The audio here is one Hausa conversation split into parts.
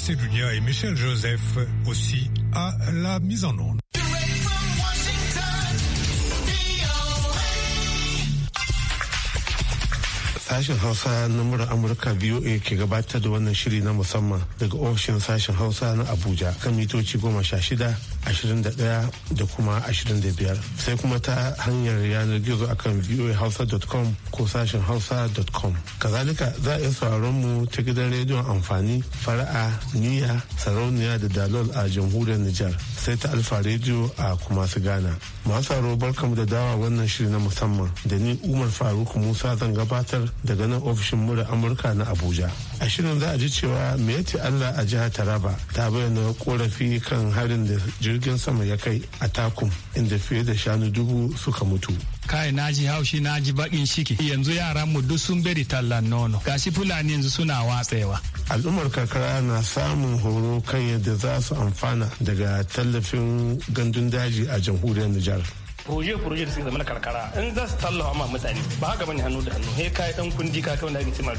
Cédulia et Michel Joseph aussi à la mise en onde. sashen hausa na murar amurka voa e ke gabatar da wannan shiri na musamman daga ofishin sashen hausa na abuja kan mitoci goma sha shida 21 da kuma 25 sai kuma ta hanyar yanar gizo akan voahausa.com ko sashen hausa.com kazalika za a iya sauraron mu ta gidan rediyon amfani fara'a niyya sarauniya da dalol a jamhuriyar nijar sai ta alfa rediyo a kuma su ghana masu sauraro barkamu da dawa wannan shiri na musamman da ni umar faruk musa zan gabatar daga nan ofishin mura amurka na abuja a shirin za a ji cewa meti allah a jihar taraba ta bayyana korafi kan harin da jirgin sama ya kai a takum inda fiye da shanu dubu suka mutu kai naji haushi naji bakin shiki yanzu yaran mu duk sun bari tallan nono gashi fulani yanzu suna watsewa al'ummar karkara na samun horo kan yadda za su amfana daga tallafin gandun daji a jamhuriyar nijar proje proje da suke zama na karkara in za su tallafa ma mutane ba haka bane hannu da hannu he kai dan kundi ka kai wanda ake cewa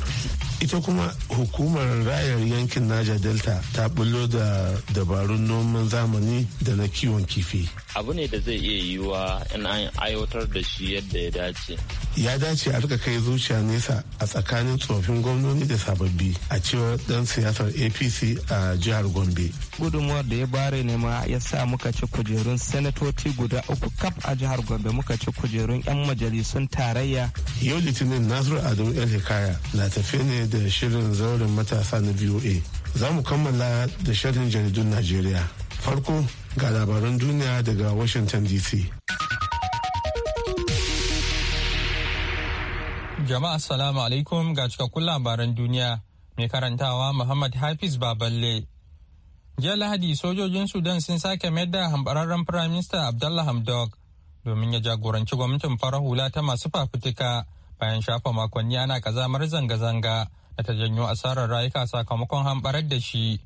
ita kuma hukumar rayar yankin Naja Delta ta bullo da dabarun noman zamani da na kiwon kifi. Abu ne da zai iya yiwuwa in an aiwatar da shi yadda ya dace. Ya dace a rika kai zuciya nesa a tsakanin tsofin gwamnoni da sababbi a cewar dan siyasar APC a jihar Gombe. Gudunmuwar da ya bare ne ma ya sa muka ci kujerun sanatoci guda uku kaf a jihar Gombe muka ci kujerun 'yan majalisun tarayya. Yau Litinin Nasiru Adamu El Hikaya na tafiya ne da shirin zauren matasa na VOA. Za mu kammala da shirin jaridun Najeriya. Farko ga labaran duniya daga Washington DC. Jama'a salamu alaikum ga cikakkun labaran duniya mai karantawa Muhammad Hafiz Baballe. Jiya Lahadi sojojin Sudan sun sake mayar da hambararren Firaminista Abdullah Hamdok domin ya jagoranci gwamnatin farar hula ta masu fafutuka bayan shafa makonni ana kazamar zanga-zanga da ta janyo asarar rayuka sakamakon hambarar da shi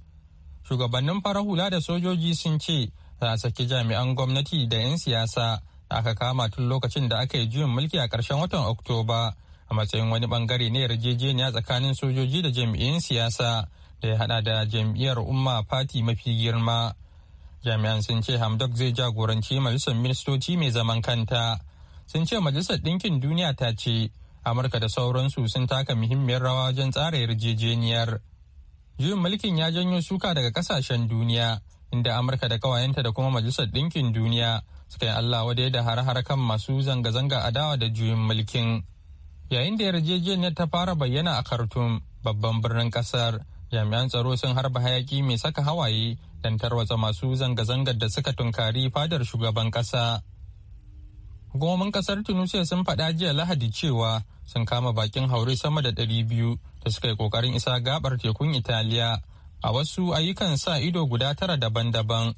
shugabannin farar hula da sojoji sun ce za a saki jami'an gwamnati da 'yan siyasa da aka kama tun lokacin da aka yi juyin mulki a ƙarshen watan oktoba a matsayin wani bangare na yarjejeniya tsakanin sojoji da jam'iyyun siyasa da ya hada da jam'iyyar umma fati mafi girma jami'an sun ce hamdok zai jagoranci majalisar ministoci mai zaman kanta sun ce majalisar ɗinkin duniya ta ce amurka da sauransu sun taka muhimmiyar rawa wajen tsara yarjejeniyar juyin mulkin ya janyo suka daga kasashen duniya inda amurka da kawayenta da kuma majalisar ɗinkin duniya suka yi allah wadai da har-har kan masu zanga-zanga adawa da juyin mulkin yayin da yarjejeniyar ta fara bayyana a khartoum babban birnin kasar jami'an tsaro sun harba hayaki mai saka hawaye don tarwatsa masu zanga-zangar da suka tunkari fadar shugaban kasa hukumomin kasar tunisia sun faɗa jiya lahadi cewa sun kama bakin haure sama da ɗari biyu da suka yi ƙoƙarin isa gabar tekun Italiya a wasu ayyukan sa ido guda tara daban-daban.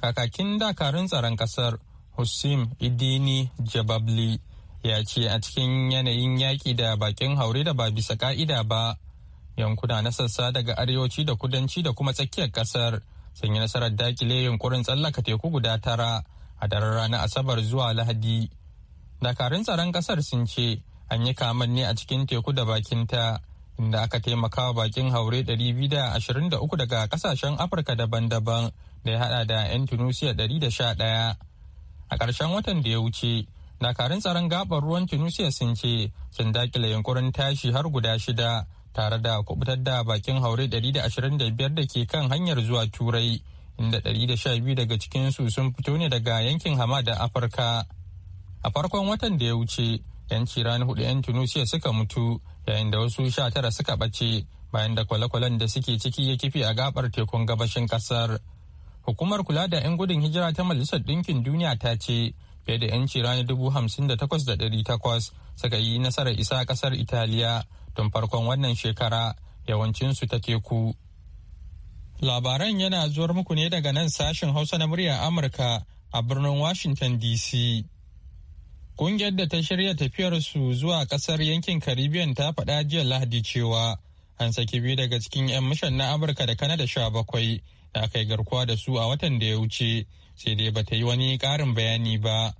Kakakin dakarun tsaron ƙasar Hussein Idini Jababli ya ce a cikin yanayin yaƙi da bakin haure da ba bisa ƙa'ida ba yankuna na sassa daga arewaci da kudanci da kuma tsakiyar ƙasar sun yi nasarar dakile yunkurin tsallaka teku guda tara a daren ranar asabar zuwa lahadi dakarun tsaron ƙasar sun ce an yi kaman ne a cikin teku da bakinta inda aka taimaka wa bakin haure 223 daga kasashen afirka daban-daban da ya hada da 'yan tunisia 111 a ƙarshen watan da ya wuce dakarun tsaron gabar ruwan tunisia sun ce sun dakile yunkurin tashi har guda shida tare da kubutar da bakin haure 125 da ke kan hanyar zuwa turai inda 112 daga cikinsu sun fito ne daga yankin da afirka a farkon watan da ya wuce yanci cirani hudu 'yan tunisia suka mutu yayin da wasu sha tara suka bace bayan da kwale-kwalen da suke ciki ya kifi a gabar tekun gabashin kasar hukumar kula da 'yan gudun hijira ta majalisar ɗinkin duniya ta ce fiye da yanci cirani dubu hamsin da takwas da ɗari takwas suka yi nasarar isa kasar italiya tun farkon wannan shekara yawancinsu ta teku labaran yana zuwar muku ne daga nan sashen hausa na murya amurka a birnin washington dc Kungiyar da ta shirya tafiyarsu zuwa kasar yankin Caribbean ta faɗa jiya Lahadi cewa an saki biyu daga cikin 'yan mishan na Amurka da Kanada sha bakwai da aka yi garkuwa da su a watan da ya wuce sai dai bata yi wani ƙarin bayani ba.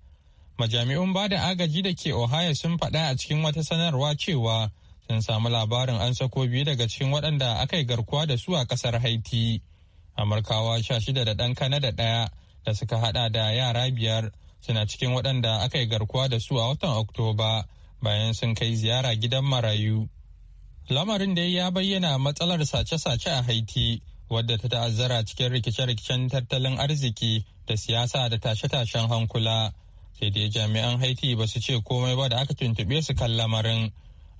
Majami'un ba da agaji da ke Ohio sun faɗa a cikin wata sanarwa cewa sun samu labarin an sako biyu daga cikin waɗanda aka yi garkuwa da su a ƙasar Haiti. Amurkawa sha shida da ɗan Kanada ɗaya da suka haɗa da yara biyar suna cikin waɗanda aka yi garkuwa da su a watan Oktoba bayan sun kai ziyara gidan marayu. Lamarin da ya bayyana matsalar sace-sace a Haiti wadda ta ta'azzara cikin rikice-rikicen tattalin arziki da siyasa da tashe-tashen hankula. Sai dai jami'an Haiti ba su ce komai ba da aka tuntuɓe su kan lamarin.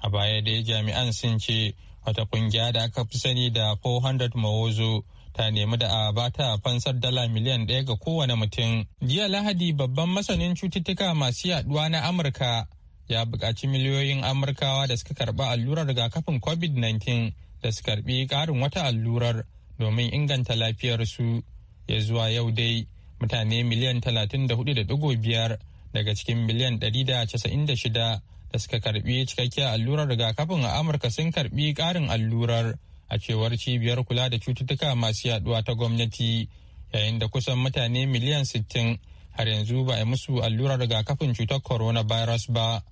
A baya dai jami'an sun ce wata kungiya da aka fi sani da 400 Mawozo ta nemi da a ta fansar dala miliyan ɗaya ga kowane mutum. Jiya Lahadi babban masanin cututtuka masu yaduwa na Amurka ya buƙaci miliyoyin Amurkawa da suka karɓi allurar rigakafin COVID-19 da su karɓi ƙarin wata allurar domin inganta lafiyarsu. Ya zuwa yau dai mutane miliyan talatin da da hudu biyar daga cikin miliyan ɗari da da shida suka karɓi cikakkiyar allurar rigakafin a Amurka sun karɓi ƙarin allurar. a cewar cibiyar kula da cututtuka masu yaduwa ta gwamnati yayin da kusan mutane miliyan 60 har yanzu ba a musu allurar rigakafin cutar coronavirus ba.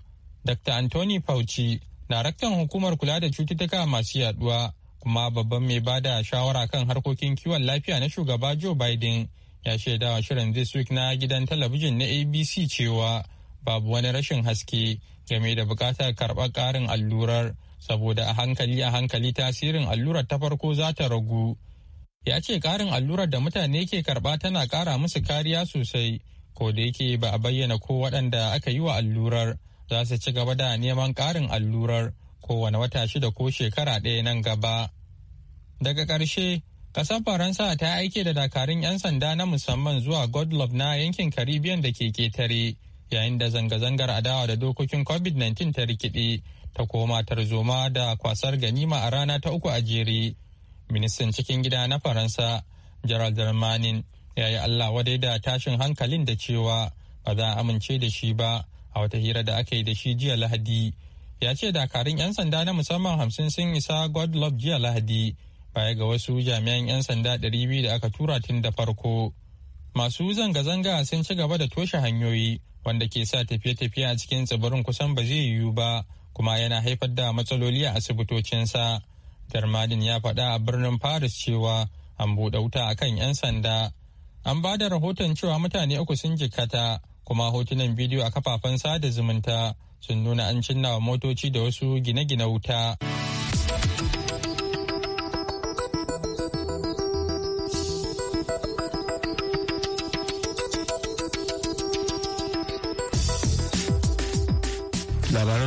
Dr. Anthony Fauci, daraktan hukumar kula da cututtuka masu yaduwa kuma babban mai ba da shawara kan harkokin kiwon lafiya na shugaba Joe Biden ya shaidawa shirin This Week na gidan talabijin na ABC cewa babu wani rashin haske game da bukatar karɓar ƙarin allurar saboda a hankali a hankali tasirin allurar ta farko za ta ragu ya ce ƙarin allurar da mutane ke karɓa tana ƙara musu kariya sosai ko da yake ba a bayyana ko waɗanda aka yi wa allurar za su ci gaba da neman ƙarin allurar kowane wata shida ko shekara ɗaya nan gaba daga ƙarshe ƙasar faransa ta aike da dakarun 'yan sanda na musamman zuwa godlove na yankin caribbean da ke ketare yayin da zanga-zangar adawa da dokokin covid-19 ta rikide ta koma tarzoma da kwasar ganima a rana ta uku a jere ministan cikin gida na faransa gerald darmanin ya yi allah wadai da tashin hankalin da cewa ba za a amince da shi ba a wata hira da aka yi da shi jiya lahadi ya ce dakarun 'yan sanda na musamman hamsin sun isa godlof jiya lahadi baya ga wasu jami'an 'yan sanda ɗari biyu da aka tura tun da farko masu zanga-zanga sun ci gaba da toshe hanyoyi wanda ke sa tafiye-tafiye a cikin tsibirin kusan ba zai yiwu ba kuma yana haifar da matsaloli a asibitocinsa darmadin ya faɗa a birnin paris cewa an buɗe wuta a kan 'yan sanda an ba da rahoton cewa mutane uku sun jikkata kuma hotunan bidiyo a kafafen sada zumunta sun nuna an cinna wa motoci da wasu gine-gine wuta.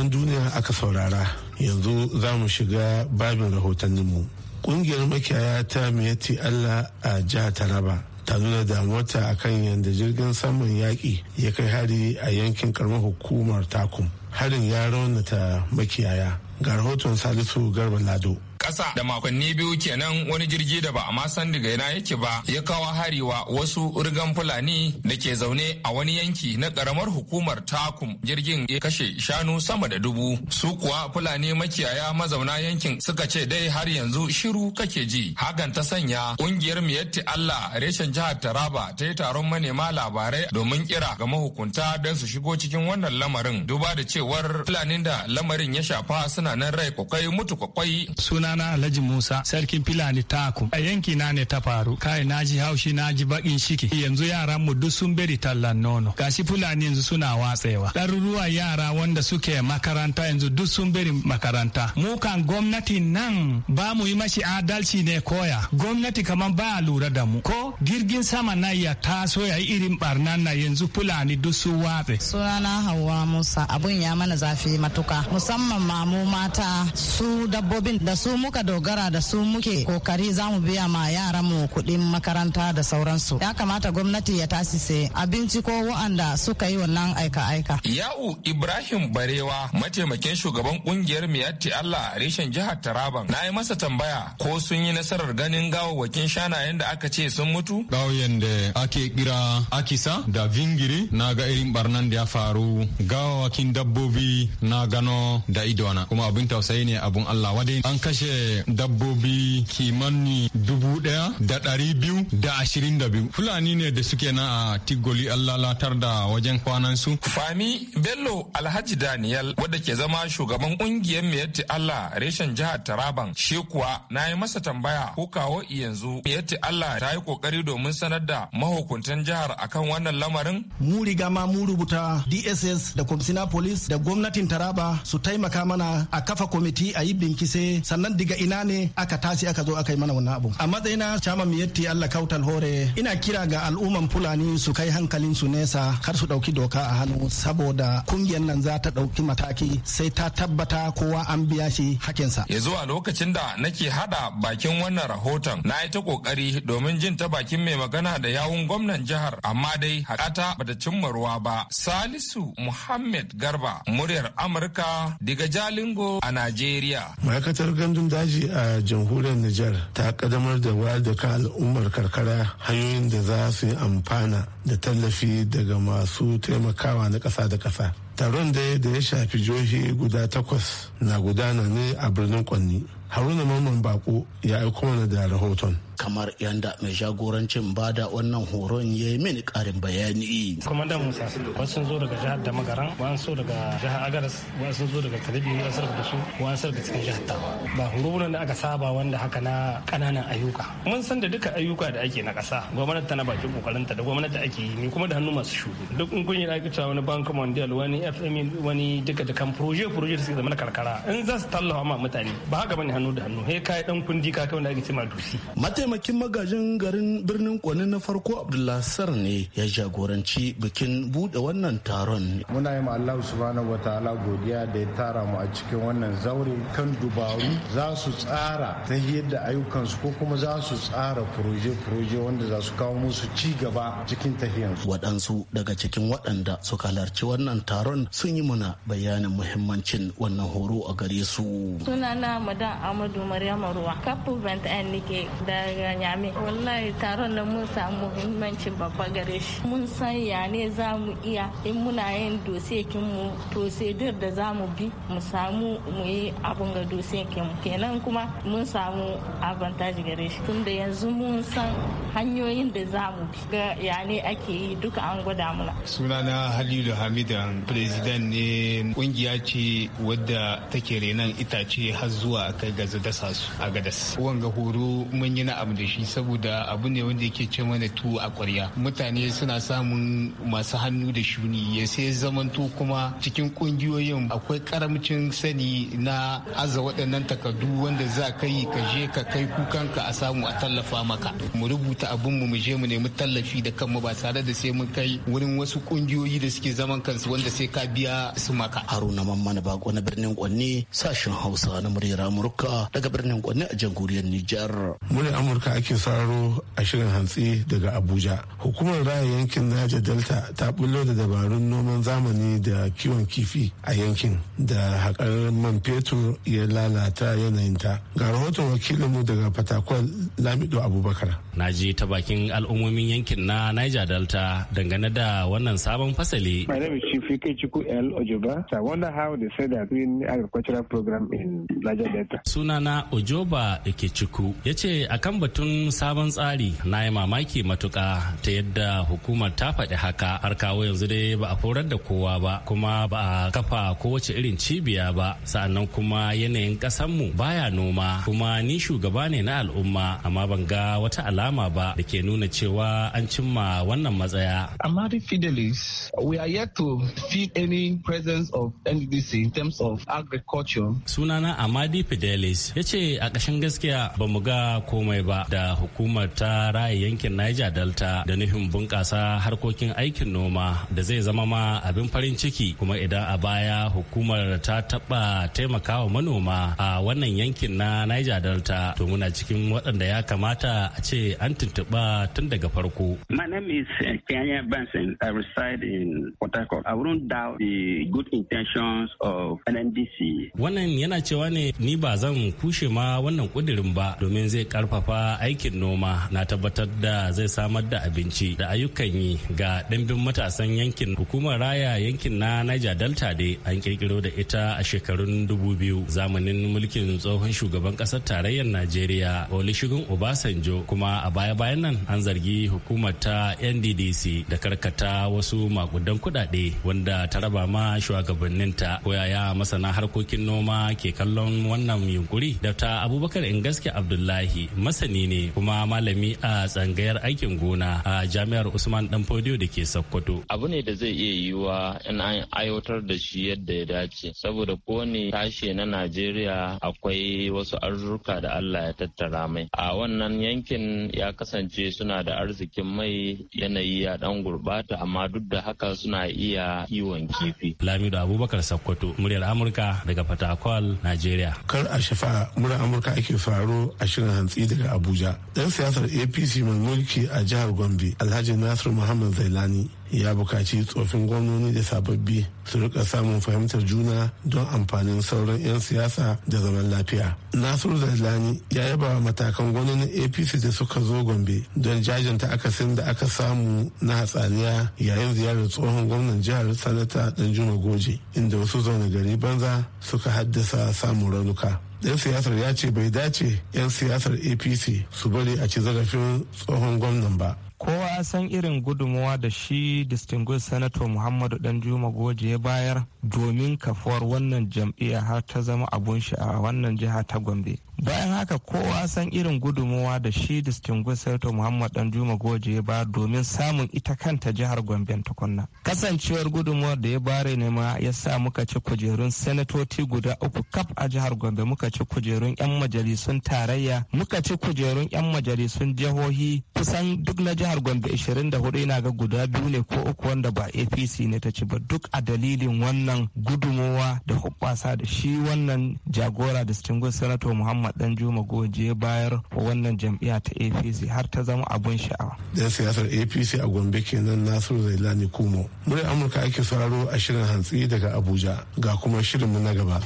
bayan duniya aka saurara yanzu za mu shiga babin rahotanninmu ƙungiyar makiyaya ta miyatti allah a jihar taraba ta nuna damuwarta akan yadda jirgin saman yaƙi ya kai hari a yankin karamar hukumar takum harin ya raunata makiyaya ga rahoton salisu garba lado kasa da makonni biyu kenan wani jirgi da ba a ma san daga ina yake ba ya kawo hari wa wasu urgan fulani da ke zaune a wani yanki na karamar hukumar takum jirgin ya kashe shanu sama da dubu su kuwa fulani makiyaya mazauna yankin suka ce dai har yanzu shiru kake ji hakan ta sanya ƙungiyar miyatti Allah reshen jihar Taraba ta yi taron manema labarai domin kira ga mahukunta don su shigo cikin wannan lamarin duba da cewar fulanin da lamarin ya shafa suna nan rai kwakwai mutu kwakwai suna sunana Alhaji Musa sarkin Fulani taku a yanki na ne ta faru kai naji ji haushi na ji bakin shiki yanzu yaran mu duk sun bari tallan nono gashi Fulani yanzu suna watsewa ɗaruruwa yara wanda suke makaranta yanzu duk sun bari makaranta mu kan gwamnati nan ba mu yi mashi adalci ne koya gwamnati kaman ba lura da mu ko jirgin sama na ya taso ya yi irin barnan na yanzu Fulani duk su watse sunana Hauwa Musa abun ya mana zafi matuka musamman ma mu mata su dabbobin da su muka dogara da su muke kokari za mu biya ma yaran mu kuɗin makaranta da sauransu ya kamata gwamnati ya tasise abinci ko wa'anda suka yi wannan aika-aika. Ya'u Ibrahim Barewa mataimakin shugaban kungiyar Miyatti Allah a reshen jihar Taraban na yi masa tambaya ko sun yi nasarar ganin gawawwakin shanayen da aka ce sun mutu? Gawayen da ake kira Akisa da Vingiri na ga irin barnan da ya faru gawawwakin dabbobi na gano da idona kuma abin tausayi ne abun Allah wadai an kashe kashe dabbobi kimanni dubu daya da ɗari biyu da ashirin da biyu. Fulani ne da suke na a Tigoli Allah latar da wajen kwanan su. Fami Bello Alhaji Daniel wadda ke zama shugaban ƙungiyar Miyatti Allah reshen jihar Taraban shi kuwa na yi masa tambaya ko kawo yanzu Miyatti Allah ta yi kokari domin sanar da mahukuntan jihar akan wannan lamarin. Mu riga ma mu rubuta DSS da Komsina Police da gwamnatin Taraba su taimaka mana a kafa kwamiti a yi binkise sannan diga ina ne aka tashi aka zo aka yi mana wannan abu a matsayina chama miyatti Allah kautal hore ina kira ga al'umman fulani su kai hankalin su nesa kar su dauki doka a hannu saboda kungiyar nan za ta dauki mataki sai ta tabbata kowa an biya shi hakinsa ya zuwa lokacin da nake hada bakin wannan rahoton na yi ta kokari domin jin ta bakin mai magana da yawun gwamnan jihar amma dai hakata bata cimma ruwa ba salisu muhammad garba muryar amurka diga jalingo a najeriya ma'aikatar gandun daji a jamhuriyar Nijar ta kadamar da wayar da kan al'ummar karkara hanyoyin da za su yi amfana da tallafi daga masu taimakawa na ƙasa da ƙasa. Taron da ya shafi jihohi guda takwas na gudana ne a birnin Kwanni. haruna mamman bako ya aiko mana da rahoton kamar yanda mai jagorancin bada wannan horon ya yi mini karin bayani. Kwamandan Musa wasu sun zo daga jihar da magaran, wasu daga jihar Agaras, wasu zo daga Kalibi, wasu daga su, wasu daga cikin jihar Tawa. Ba horo da aka saba wanda haka na kananan ayyuka. Mun san da duka ayyuka da ake na kasa gwamnati tana bakin ta da gwamnati ake yi, ni kuma da hannu masu shugo. Duk in kun yi ake cewa wani bank mondial, wani FM, wani duka da kan proje proje da suke zama na karkara. In za su tallafa ma mutane, ba haka bane hannu da hannu he kai dan kundi ka da ake cewa dusi mataimakin magajin garin birnin Kwani na farko Abdullahi ne ya jagoranci bikin bude wannan taron muna yi ma Allah subhanahu wataala godiya da ya tara mu a cikin wannan zaure kan dubaru za su tsara ta yadda ayyukansu ko kuma za su tsara furoje-furoje wanda za su kawo musu ci gaba cikin tahiyansu waɗansu daga cikin waɗanda suka halarci wannan taron sun yi muna bayanin muhimmancin wannan horo a gare su sunana madan Amadu Maryama Ruwa. Kafu 21 nike daga Nyame. Wallahi taron nan mun samu muhimmancin babba gare shi. Mun san ya ne za mu iya in muna yin dosekin mu to sedir da za mu bi mu samu mu yi abun ga dosekin mu. Kenan kuma mun samu advantage gare shi. Tunda yanzu mun san hanyoyin da za mu bi ga ya ne ake yi duka an gwada muna. Sunana Halilu Hamidan, President ne kungiya ce wadda take renan itace har zuwa kai gaza dasa su a gadas wanga horo mun yi na abu da shi saboda abu ne wanda yake ce mana tuwo a kwarya mutane suna samun masu hannu da shuni ya sai zamanto kuma cikin kungiyoyin akwai karamcin sani na aza waɗannan takardu wanda za ka yi ka je ka kai kukanka a samu a tallafa maka mu rubuta abin mu je mu nemi tallafi da kanmu ba tare da sai mun kai wurin wasu kungiyoyi da suke zaman kansu wanda sai ka biya su maka haruna mamman bako na birnin kwanne sashen hausa na muryar amurka daga birnin Kwanne a jamhuriyar Nijar. Muryar Amurka ake saro a shirin hantsi daga Abuja. Hukumar raya yankin Niger Delta ta bullo da dabarun noman zamani da kiwon kifi a yankin da haƙar man fetur ya lalata yanayinta. Ga rahoton wakilinmu daga Fatakwal Lamido Abubakar. Na ji ta bakin al'ummomin yankin na Niger Delta dangane da wannan sabon fasali. My name is Chief L. Ojoba. I wonder how they said that agricultural program in Niger Delta. sunana ojoba ikechukwu ya ce akan batun sabon tsari na yi mamaki matuka ta yadda hukumar ta faɗi haka har kawo yanzu dai ba a horar da kowa ba kuma ba a kafa kowace irin cibiya ba sa'annan kuma yanayin ƙasanmu baya noma kuma ni shugaba ne na al'umma amma ban ga wata alama ba da ke nuna cewa an cimma wannan matsaya. Amadi Fidelis, we are yet to feel any presence of NDC in terms of agriculture. Sunana Amadi Fidelis Ellis ya ce a ƙashin gaskiya ba mu ga komai ba da hukumar ta ra'ayi yankin Niger Delta da nufin bunƙasa harkokin aikin noma da zai zama ma abin farin ciki kuma idan a baya hukumar ta taɓa taimakawa manoma a wannan yankin na Niger Delta to muna cikin waɗanda ya kamata a ce an tuntuɓa tun daga farko. My name is eh, Kenya Benson. I reside in Port Harcourt. I wouldn't doubt the good intentions of NNDC. Wannan yana cewa ne ni ba zan zan kushe ma wannan kudirin ba domin zai karfafa aikin noma na tabbatar da zai samar da abinci da ayyukan yi ga ɗimbin matasan yankin hukumar raya yankin na Niger Delta dai an kirkiro da ita a shekarun 2000 zamanin mulkin tsohon shugaban ƙasar tarayyar Najeriya Olusegun Obasanjo kuma a baya-bayan nan an zargi hukumar ta NDDC da karkata wasu makudan kuɗaɗe wanda ta raba ma shugabanninta koyaya masana harkokin noma ke kallon wannan yunkuri dr abubakar ingaske abdullahi masani ne kuma malami a tsangayar aikin gona a jami'ar usman dan fodiyo da ke sokoto abu ne da zai iya yiwuwa in an aiwatar da shi yadda ya dace saboda kowane tashi na najeriya akwai wasu arzuka da allah ya tattara mai a wannan yankin ya kasance suna da arzikin mai yanayi a dan gurbata amma duk da haka suna iya kiwon kifi lamido abubakar sokoto muryar amurka daga fatakwal najeriya kar shafa'a mura amurka ake faru a shirin hantsi daga abuja dan siyasar apc mai mulki a jihar gombe alhaji nasiru muhammad zailani ya bukaci tsofin gwamnoni da sababbi su rika samun fahimtar juna don amfanin sauran 'yan siyasa da zaman lafiya nasiru zalani ya yaba matakan gwamnonin apc da suka zo gombe don jajanta akasin da aka samu na hatsaniya yayin ziyarar tsohon gwamnan jihar sanata danjuma goje inda wasu zaune gari banza suka haddasa samun raunuka yan siyasar ya ce bai dace yan siyasar apc su bari a ci zarafin tsohon gwamnan ba ko ya san irin gudunmawa da shi distinguished senator muhammadu danjuma goje ya bayar domin kafuwar wannan jam'iyya har ta zama abun sha'awa wannan jiha ta gombe bayan haka kowa san irin gudunmuwa da shi distinguished senator muhammad dan juma goje ya ba domin samun ita kanta jihar gombe tukunna kasancewar gudunmuwar da ya bare ne ma ya sa muka ci kujerun senatoci guda uku kaf a jihar gombe muka ci kujerun yan majalisun tarayya muka ci kujerun yan majalisun jihohi kusan duk na jihar gombe 24 ina ga guda biyu ne ko uku wanda ba apc ne ta ci ba duk a dalilin wannan gudunmuwa da hubbasa da shi wannan jagora distinguished senator muhammad dan juma Goje ya bayar wa wannan jam'iyya ta APC har ta zama abun sha'awa. Dan siyasar APC a Gombe kenan Nasiru Zailani Kumo. Muryar Amurka ake sauraro a shirin hantsi daga Abuja ga kuma shirinmu na gaba.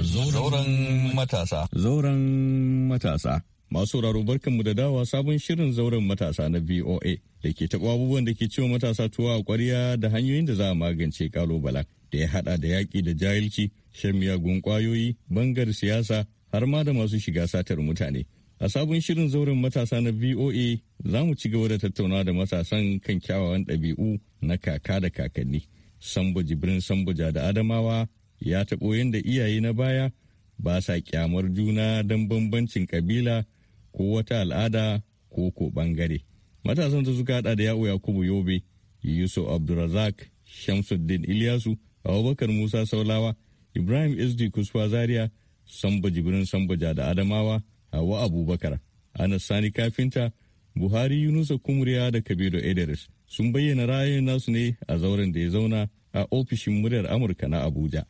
Zauren matasa. Zauren matasa. Masu sauraro barkanmu da dawa sabon shirin zauren matasa na VOA da ke taɓa abubuwan da ke ciwo matasa tuwa a ƙwariya da hanyoyin da za a magance ƙalubalen da ya haɗa da yaƙi da jahilci shan miyagun kwayoyi bangar siyasa har ma da masu shiga satar mutane a sabon shirin zauren matasa na voa za mu ci gaba da tattaunawa da matasan kan kyawawan ɗabi'u na kaka da kakanni sambo jibrin sambuja da adamawa ya taɓo yadda iyaye na baya ba sa kyamar juna don bambancin kabila ko wata al'ada ko ko bangare matasan da suka hada da yawo yakubu yobe yusuf abdulrazak shamsuddin ilyasu abubakar musa saulawa Ibrahim SD Kuswa Zaria, Samba Jibrin Sambaja da Adamawa, Hawa Abubakar, Anas Sani Kafinta, Buhari Yunusa Kumriya da Kabiru Edaris sun bayyana ra'ayin nasu ne a zauren da ya zauna a ofishin muryar Amurka na Abuja.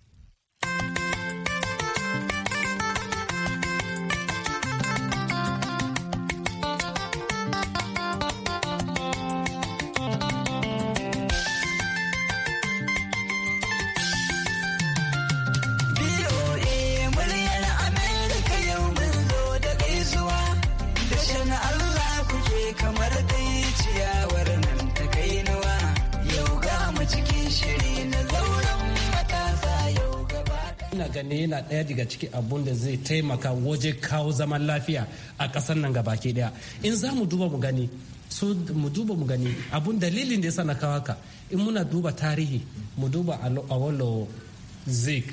daga ciki abun da zai taimaka waje kawo zaman lafiya a ƙasar nan ga baki daya in za mu duba mu gani so mu duba mu gani abun dalilin da ya sana kawo haka in muna duba tarihi mu duba awolo zik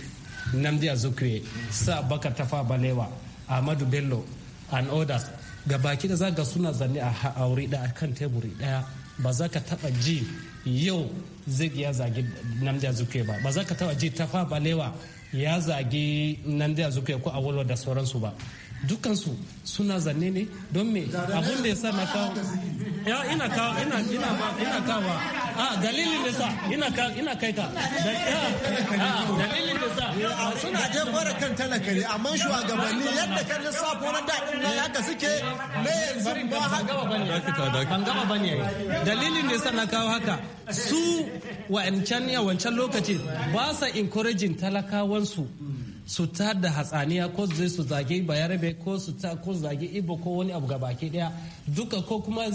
namdi azukre sa baka tafa balewa ahmadu bello and others baki da za ga suna zanne a aure da kan teburi daya ba za ka taba ji yau zai ya zagi namdi azukre ba ba za ka taba ji tafa balewa ya zagi nan da zuke ko a walwa da sauransu ba dukansu suna zanne ne don me abun da ya sa na kawo ya ina ka ina ina ba ina kawa a ah, dalilin da sa ina ka ina kai ka ah, dalilin da sa ah, suna jefar kan talaka ne amma shugabanni yadda kan lissafo na daɗin nan haka suke me yanzu ba haka ban gaba bane dalilin da sa na kawo haka su wa'ancan ya wancan lokaci ba sa encouraging talakawansu su ta da hatsaniya ko zai su zage bayarabe ko su ta ko zage ibo ko wani abu baki daya duka ko kuma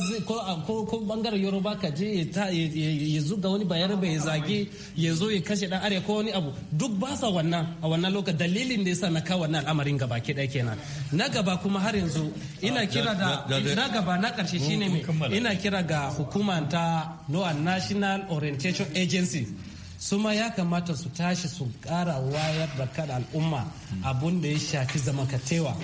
ko ko bangaren yoruba ka je ya zuga wani bayarabe ya zage ya zo ya kashe dan are ko wani abu duk ba sa wannan a wannan lokacin dalilin da yasa na kawo wannan al'amarin baki daya kenan na gaba kuma har yanzu ina ah, kira da na gaba na karshe shine ina kira ga hukuma ta National Orientation Agency su ma ya kamata su tashi su kara wayar da kan al'umma abun da ya shafi katewa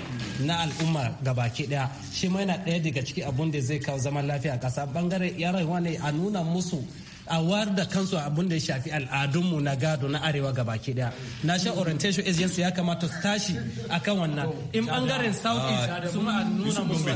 na al'umma gabaki daya shi ma yana daya daga ciki abun da zai kawo zaman lafiya a kasa bangare yarawa ne a nuna musu a wayar da kansu abun da ya shafi al'adunmu na gado na arewa ke daya sha orientation agency ya kamata su tashi akan wannan in bangaren south east ah, su ma nuna musu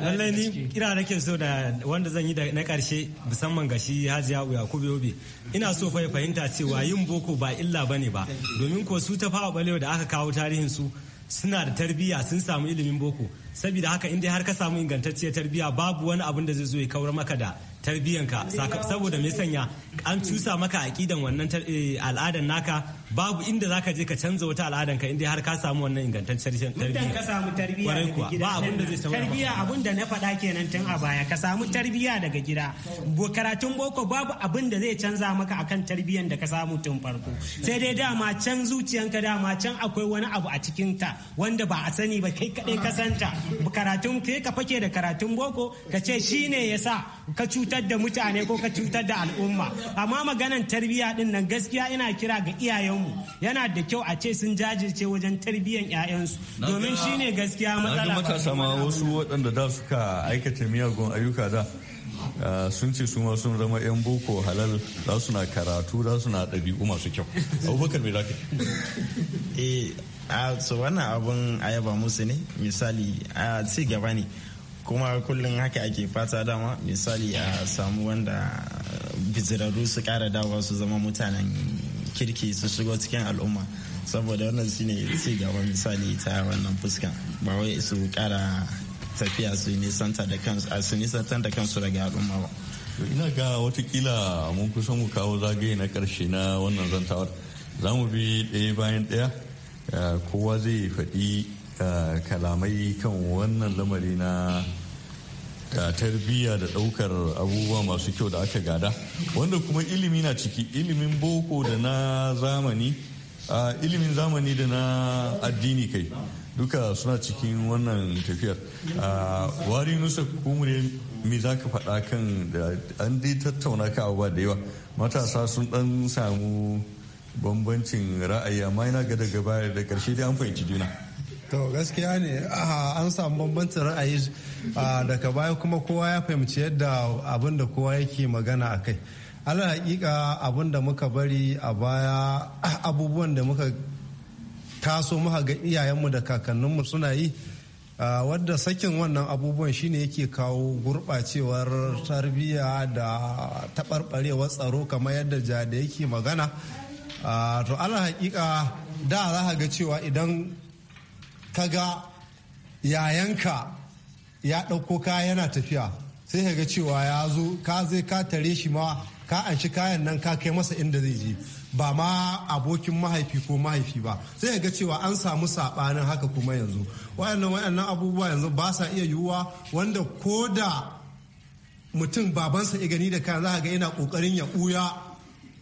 lallai ni kira nake so da wanda zan yi na karshe musamman ga shi hajiya ko yobe ina so fa fahimta cewa yin boko ba illa bane ba domin ko su ta fawa balewa da aka kawo tarihin su suna da tarbiyya sun samu ilimin boko saboda haka in har ka samu ingantacciyar tarbiyya babu wani abin da zai zo ya kawar maka da tarbiyyanka saboda mai sanya an cusa maka aƙidan wannan eh, al'adan naka babu inda zaka je ka canza wata al'adan ka inda har ka samu wannan ingantaccen tarbiyya ka samu tarbiyya daga gida ba abin da zai samu tarbiyya abin da na faɗa kenan tun a baya ka samu tarbiyya daga gida karatun boko babu abin da zai canza maka akan tarbiyyan da ka samu tun farko sai dai dama can zuciyanka dama can akwai wani abu a cikin ta wanda ba a sani ba kai kadai ka santa karatun kai ka fake da karatun boko ka ce shine yasa ka cutar da mutane ko ka cutar da al'umma amma maganan tarbiyya din nan gaskiya ina kira ga iyayen mu yana da kyau a ce sun jajirce wajen tarbiyan 'ya'yansu domin shine gaskiya matsala matasa ma wasu waɗanda da suka aikata miyagun ayyuka da sun ce su ma sun zama 'yan boko halal za su na karatu za su na ɗabi'u masu kyau abubakar mai za eh a so wannan abun ayaba musu ne misali a ci gaba ne kuma kullum haka ake fata dama misali a samu wanda bizirarru su kara dawa su zama mutanen kirki su shigo cikin al'umma saboda wannan ne ci gaba misali ta wannan fuska ba wai su kara tafiya su nisanta da kansu a su nisantar da kansu daga al'umma ba ina ga watakila mun kusan mu kawo zagaye na karshe na wannan zantawar za mu bi ɗaya bayan ɗaya eh, kowa zai faɗi eh, kalamai kan wannan lamari na da tarbiyya da ɗaukar abubuwa masu kyau da aka gada wanda kuma ilimi na ciki ilimin boko da na zamani ilimin zamani da na addini kai duka suna cikin wannan tafiyar wari nusa kumure me za ka faɗa kan an dai tattauna ka abubuwa da yawa matasa sun ɗan samu bambancin ra'ayi amma yana ga daga baya da ƙarshe dai an fahimci juna to gaskiya ne an samu bambancin ra'ayi daga baya kuma kowa ya fahimci yadda abin da kowa yake magana a kai ala hakika abin da muka bari a baya abubuwan da muka taso muka ga iyayenmu da kakanninmu suna yi wadda sakin wannan abubuwan shine yake kawo gurɓacewar tarbiyya da taɓarɓarewar tsaro kamar yadda jada yake magana to ala hakika da za ga cewa idan ga yayanka ya ɗauko kaya yana tafiya sai ka ga cewa ya zo ka zai ka tare shi ma ka anshi kayan nan ka kai masa inda zai je ba ma abokin mahaifi ko mahaifi ba sai ga cewa an samu saɓanin haka kuma yanzu wayannan wayannan abubuwa yanzu ba sa iya yiwuwa wanda ko da mutum babansa ya gani da kayan za ga yana kokarin ya buya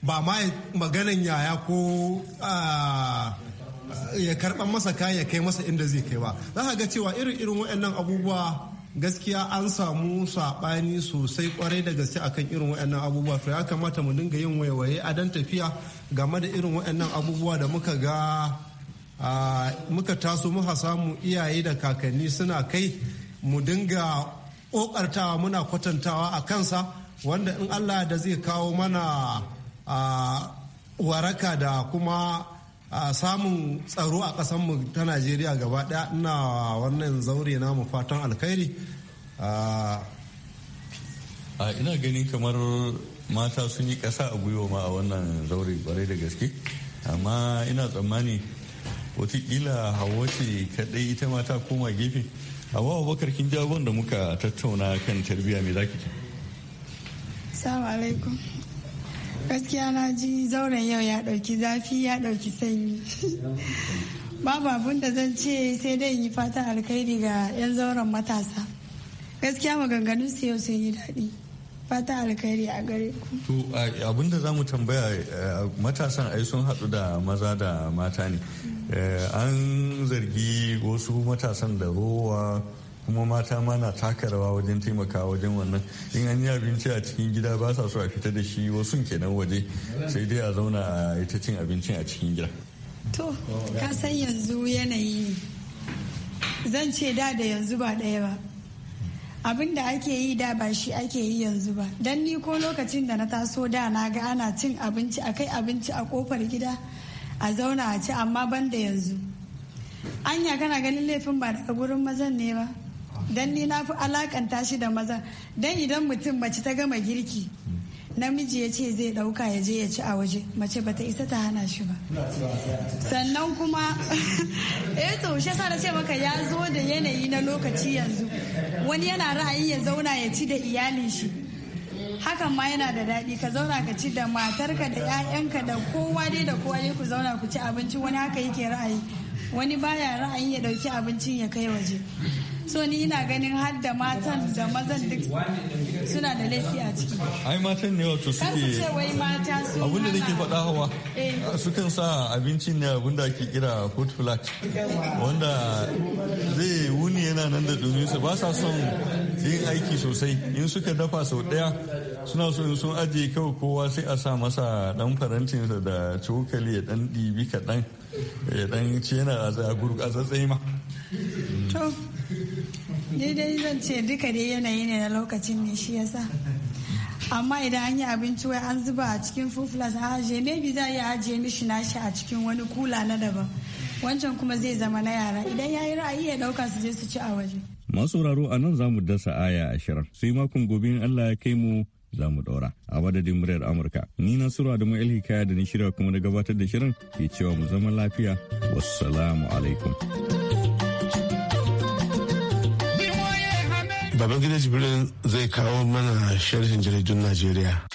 ba ma maganan yaya ko ah, ya karɓan masa kayan ya kai masa inda zai kai ba za ka ga cewa irin irin waɗannan abubuwa gaskiya an samu saɓani sosai kwarai da gaske akan irin waɗannan abubuwa to ya kamata mu dinga yin waiwaye a dan tafiya game da irin waɗannan abubuwa da muka ga muka taso muka samu iyaye da kakanni suna kai mu dinga ƙoƙartawa muna kwatantawa a kansa wanda in allah da zai kawo mana waraka da kuma a samun tsaro a mu ta najeriya gaba ɗaya ina wannan zaure na mu fatan alkhairi a ina ganin kamar mata sun yi ƙasa a gwiwa ma a wannan zaure bare da gaske amma ina tsammani wataƙila hawa ce kaɗai ita mata koma gefe wawa bakar kin jagon da muka tattauna kan tarbiyya me zaki salamu alaikum gaskiya na ji zauren yau ya ɗauki zafi ya ɗauki sanyi babu abin da zan ce sai dai yi fatan alkhairi ga 'yan zauren matasa gaskiya maganganun su yau sun yi daɗi fata alkhairi a gare ku abin da za mu tambaya eh, matasan ai sun haɗu da maza da mata ne mm. eh, an zargi wasu matasan da rowa kuma mata ma na taka rawa wajen taimakawa wajen wannan in an yi abinci a cikin gida ba sa so a fita da shi wasu kenan waje sai dai a zauna a ita cin abincin a cikin gida to ka san yanzu yanayi zan ce da da yanzu ba ɗaya ba abin da ake yi da ba shi ake yi yanzu ba dan ni ko lokacin da na taso da na ga ana cin abinci a kai abinci a kofar gida a zauna a ci amma ban da yanzu anya kana ganin laifin ba daga gurin mazan ne ba dan ni na fi alakanta shi da maza dan idan mutum mace ta gama girki namiji ya ce zai dauka ya je ya ci a waje mace ba ta isa ta hana shi ba sannan kuma eh to shi sa da ce maka ya zo da yanayi na lokaci yanzu wani yana ra'ayi ya zauna ya ci da iyalin shi hakan ma yana da daɗi ka zauna ka ci da matarka da 'ya'yanka da kowa dai da kowa ku zauna ku ci abinci wani haka yake ra'ayi wani baya ra'ayin ya dauki abincin ya kai waje so ni ina ganin har da matan da mazan duk suna da laifi a ciki ai matan ne wato suke kasu da wai mata su abinda faɗa hawa eh. sukan sa abincin ne abinda ake kira food flat wanda zai wuni yana nan da domin su ba sa son yin aiki sosai in suka dafa sau daya suna so in sun ajiye kawai kowa sai a sa masa dan farantin da cokali ya dan ɗibi kaɗan ya dan ce yana a gurgurkasasai ma daidai zan ce duka dai yanayi ne na lokacin ne shi yasa amma idan an yi abinci wai an zuba a cikin fufulas a ajiye bi za a iya ajiye mishi nashi a cikin wani kula na daban wancan kuma zai zama na yara idan ya yi ra'ayi ya dauka su je su ci a waje masu raro a nan za mu dasa aya ashirin sai makon gobe in allah ya kai mu za mu ɗora. A madadin muryar Amurka, ni na Sura da Ma'il Hikaya da ni shirya kuma na gabatar da shirin ke cewa mu zama lafiya. Wassalamu alaikum. Babangida Jibril zai kawo mana sharhin jaridun Najeriya.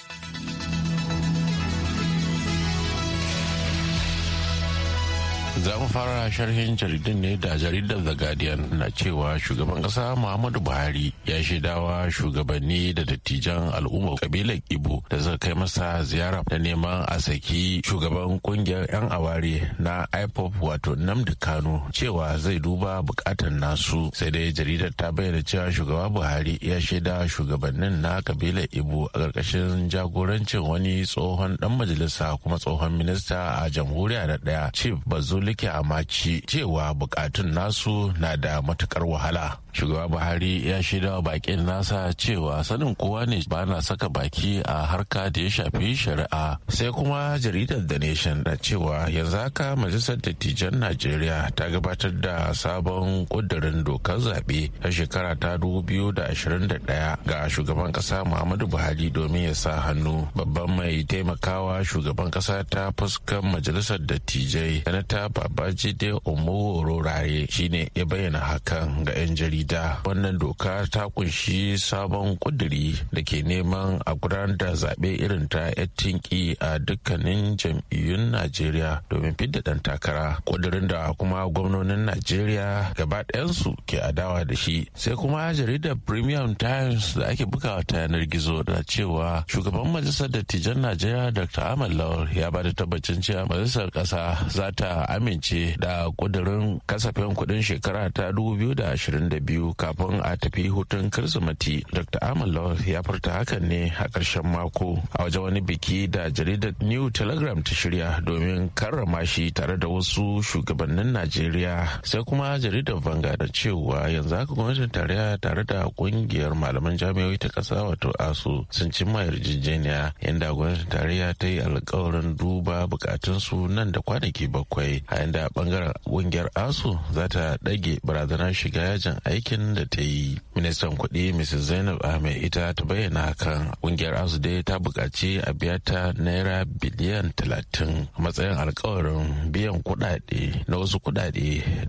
Za mu fara sharhin jaridun ne da jaridar The Guardian na cewa shugaban ƙasa Muhammadu Buhari ya shaidawa shugabanni da dattijan al'ummar kabilar Ibo da suka kai masa ziyara da neman a saki shugaban ƙungiyar 'yan aware na IPOP wato Namdi Kano cewa zai duba bukatan nasu. Sai dai jaridar ta bayyana cewa shugaba Buhari ya shaida shugabannin na kabilar Ibo a ƙarƙashin jagorancin wani tsohon ɗan majalisa kuma tsohon minista a jamhuriya da ɗaya Chief Bazul mulki a maci cewa bukatun nasu na da matukar wahala shugaba buhari ya shaida wa bakin nasa cewa sanin kowa ne ba na saka baki a harka da ya shafi shari'a sai kuma jaridar the nation da cewa yanzu haka majalisar dattijan najeriya ta gabatar da sabon kudirin dokar zaɓe ta shekara ta 2021 ga shugaban ƙasa muhammadu buhari domin ya sa hannu babban mai taimakawa shugaban ƙasa ta fuskan majalisar dattijai ta babajide omo raye shine ya bayyana hakan ga 'yan jarida wannan doka ta kunshi sabon kuduri da ke neman a gudanar da zaɓe irin ta tinki a dukkanin jam'iyyun najeriya domin fidda ɗan takara kudurin da kuma gwamnonin najeriya gaba ɗayansu ke adawa da shi sai kuma jaridar premium times da ake bugawa ta yanar gizo da cewa shugaban majalisar dattijan najeriya dr ahmad lawal ya ba da tabbacin cewa majalisar ƙasa za ta amince amince da kudurin kasafin kudin shekara ta 2022 kafin a tafi hutun kirsimati dr amal ya furta hakan ne a ƙarshen mako a wajen wani biki da jaridar new telegram ta shirya domin karrama shi tare da wasu shugabannin najeriya sai kuma jaridar vanga da cewa yanzu haka gwamnatin tarayya tare da kungiyar malaman jami'oi ta kasa wato asu sun cimma yarjejeniya inda gwamnatin tarayya ta yi alkawarin duba bukatunsu nan da kwanaki bakwai a inda bangaren kungiyar asu za ta ɗage barazanar shiga yajin aikin da ta yi ministan kuɗi mrs zainab ahmed ita ta bayyana hakan kungiyar asu dai ta buƙaci a biya ta naira biliyan talatin a matsayin alkawarin biyan kuɗaɗe na wasu kuɗaɗe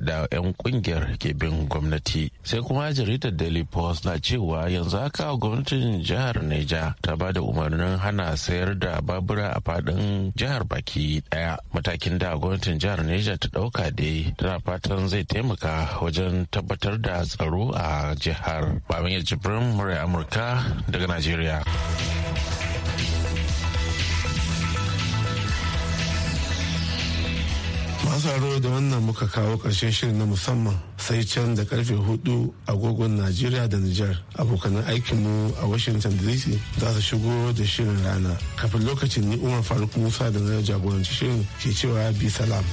da 'yan kungiyar ke bin gwamnati sai kuma jaridar daily post na cewa yanzu haka gwamnatin jihar neja ta ba da umarnin hana sayar da babura a faɗin jihar baki ɗaya matakin da gwamnatin jihar neja Malaysia ta ɗauka dai tana fatan zai taimaka wajen tabbatar da tsaro a jihar. Babin Jibrin Murai Amurka daga Najeriya. masu da wannan muka kawo ƙarshen shirin na musamman sai can da karfe hudu agogon najeriya da nijar abokanan aikinmu a washington dc za su shigo da shirin rana kafin lokacin ni umar faruk musa da na jagoranci shirin ke cewa bi salam